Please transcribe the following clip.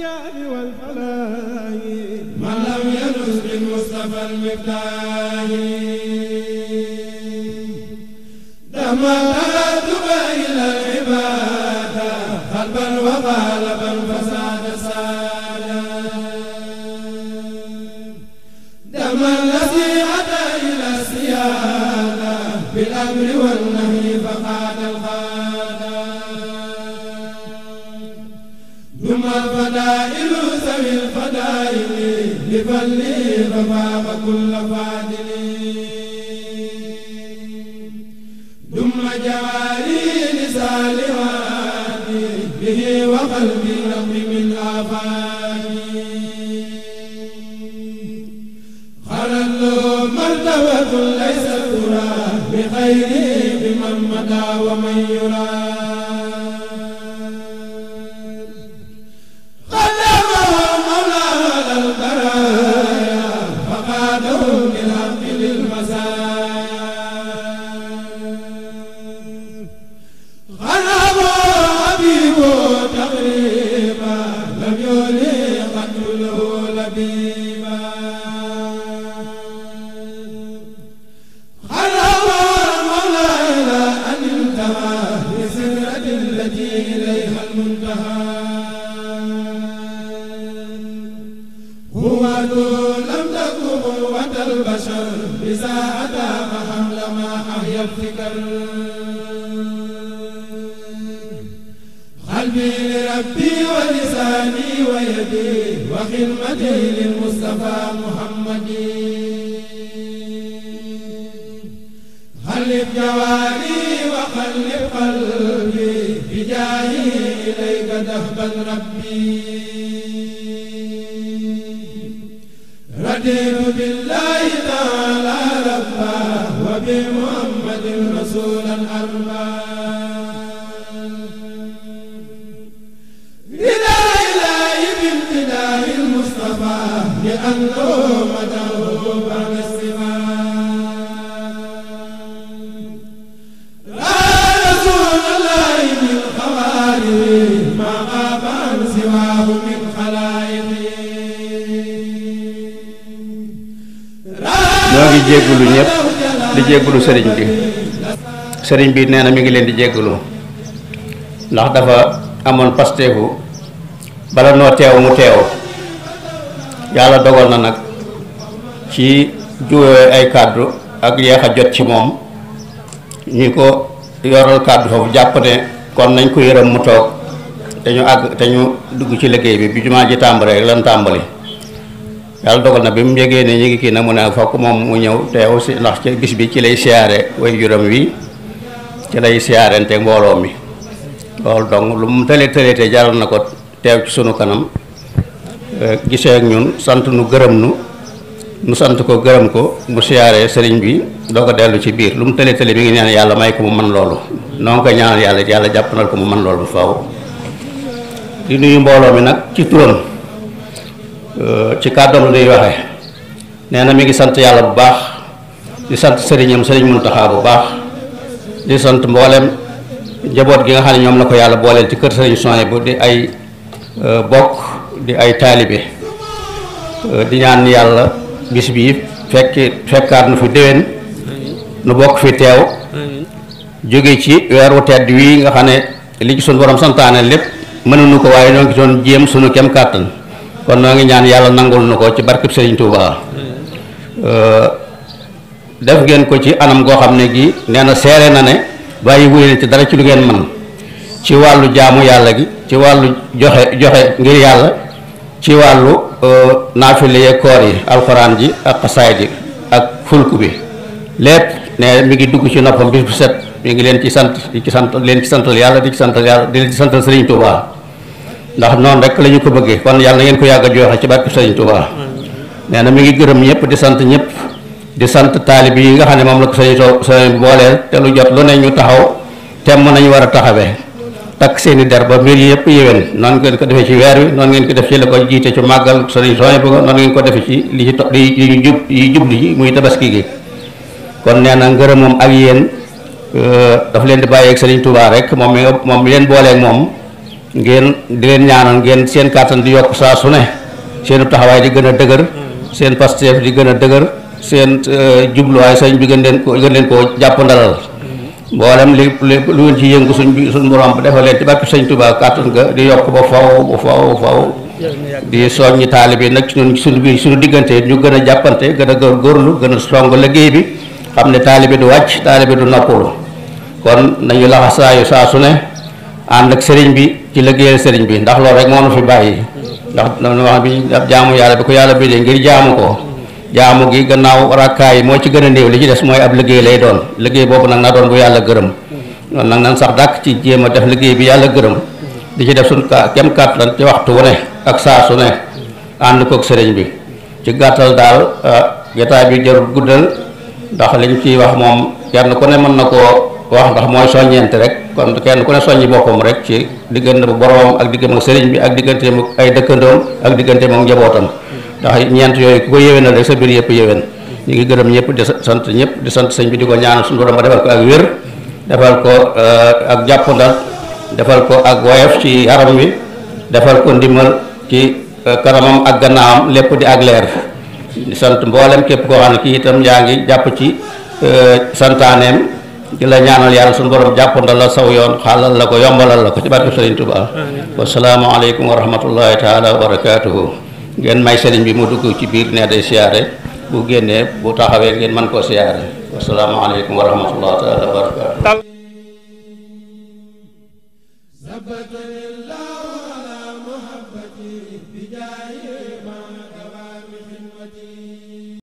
والإعجاب والفلاهي من لم يلز بالمصطفى المفتاحي دما تب إلى العبادة قلبا وقالبا فساد سادا دما الذي أتى إلى السيادة بالأمر والنهي فقاد الخالق والفدائل ذوي الفدائل لفلي رمام كل فاضل دم جواري لسالواني به وقلبي رب من آفاني خلل مرتبة ليس ترى بخيره بمن مدى ومن يراه إذا أتى فحمل ما أحيا الفكر قلبي لربي ولساني ويدي وخدمتي للمصطفى محمد خلف جواري وخلف قلبي بجاهي إليك ذهبا ربي رضيت بالله بمحمد رسول أربا إلى إله بامتداء المصطفى لأنه مدعو بعد السماء لا رسول الله من خوارج ما غاب سواه من خلائقه ñoo ngi jégalu di jéggalu sëriñ bi sëriñ bi nee na mi ngi leen di jéggalu ndax dafa amoon pasteefu bala noo teew mu teew yàlla dogal na nag ci juwee ay kàddu ak yeex a jot ci moom ñi ko yoral kàddu foofu jàpp ne kon nañ ko yërëm mu toog te ñu àgg te ñu dugg ci liggéey bi bi jumaa ji tàmbalee lan tàmbali yàlla dogal na bi mu yëgee ne ñu ngi kii nag mu ne fokk moom mu ñëw teew si ndax ci bis bi ci lay siyaare way juróom wi ci lay siyaarente mbooloo mi loolu donc lu mu tële tële te jaral na ko teew sunu kanam euh, gisee ak ñun sant nu gërëm nu nu sant ko gërëm ko mu siyaaree sëriñ bi doo ko dellu ci biir lu mu tële tële mi ngi ñaan yàlla may ko mu man loolu noo ngi koy ñaanal yàlla yàlla jàppandal ko mu man loolu bu faaw di nuyu mbooloo mi nag ci turam ci kàddoom la ñuy waxee nee na mi ngi sant yàlla bu baax di sant sëriñam sëriñ taxaar bu baax di sant mboolem njaboot gi nga xam ne ñoom la ko yàlla booleel ci kër sëriñ Sonia bu di ay e, bokk di ay taalibe e, di ñaan yàlla bis bi fekki fekkaat nu fi déwén nu bokk fi teew jóge ci weeru tedd wii nga xam ne li ci suñu borom santaane lépp mënuñu ko waaye ñoo ngi doon jéem suñu kem kàttan kon noo ngi ñaan yàlla nangul nu ko ci barkeb Serigne Touba euh, def ngeen ko ci anam goo xam ne gi nee na seere na ne bàyyi wuleen ci dara ci lu ngeen man ci wàllu jaamu yàlla gi ci wàllu joxe joxe ngir yàlla ci wàllu euh, naafile yeeg koor yi alxuraan ji ak say ji ak fulku bi lépp ne mi ngi dugg ci noppam bis bu set mi ngi leen ci sant di ci sant leen ci santal yàlla di ci santal yàlla di leen ci santal Serigne Touba. ndax non rek lañu ko bëggé kon yalla na ngeen ko yàgg jox ci barke serigne Touba néna mi ngi gërëm ñëpp di sant ñëpp di sant talib yi nga xam mom la ko touba sëriñ boole té lu jot lu neñu ñu taxaw temm nañu wara taxawé tak seeni der ba mbir yëpp yéwén noonu ngeen ko défé ci weer wi non ngeen ko def ci la ko jité ci magal serigne sooy bëgg non ngeen ko defee ci li ci to li ñu jup yi jublu ji muy tabaski gi kon néna na ngërëm moom ak yéen daf leen di ak serigne Touba rek mom mom leen boole ak mom ngeen di leen ñaanal ngeen seen kàttan di yokk saa su ne seen taxawaay di gën a dëgër seen pasteef di gën a dëgër seen euh, jubluwaay sëñ bi gën leen ko gën leen koo jàppandalal mboolem lépp lépp lu ngeen ci yëngu suñ bi suñ borom defal leen ci bàkki sëñ ga di yokk ba faw ba faw nag su suñu bi suñu diggante ñu gën a jàppante gën a lu gën a song liggéey bi xam ne taalibe du wàcc taalibe du noppalu kon nañu laxasaayu saa su ne ànd ak sëriñ bi ci liggéeyal sëriñ bi ndax loolu rek moo nu fi bàyyi ndax dama wax bi jaamu yàlla bi ko yàlla bindee ngir jaamu ko jaamu gi gannaaw rakkaay yi moo ci gën a néew li ci des mooy ab liggéey lay doon liggéey boobu nag na doon bu yàlla gërëm loolu nag nan sax dàkk ci jéem a def liggéey bi la gërëm di ci def suñ kem kàttan ci waxtu wu ne ak saa su ne ànd koog sëriñ bi ci gàttal daal ah, jotaay bi jarul guddal ndax liñ ci wax moom na ko ne mën na koo wax ndax mooy soññeent rek kon kenn ku ne soññi boppam rek ci diggante bu boromam ak diggante sëriñ bi ak diggante ay dëkkandoom ak diggante moom njabootam ndax ñeent yooyu ku ko yéwénal rek sa biir yëpp yéwén ñu ngi gërëm ñëpp di sant ñëpp di sant sëñ bi di ko ñaanal suñu borom ba defal ko ak wér defal ko ak jàppandal defal ko ak woyof ci yaram wi defal ko ndimbal ci kanamam ak gannaawam lépp di ak leer di sant mboolem képp koo xam ne kii itam yaa ngi ci eh, santaaneem di la ñaanal yàlla suñu borom jàppandal la saw yoon xaalal la ko yombalal la ko ci barke Sëriñ salaam wasalaamaaleykum wa rahmatullahi taala wa barakaatuhu ngeen may sëriñ bi mu dugg ci biir ne day siyaare bu génnee bu taxawee ngeen man koo siyaare wasalaamaaleykum wa rahmatullahi taala wa barakaatuhu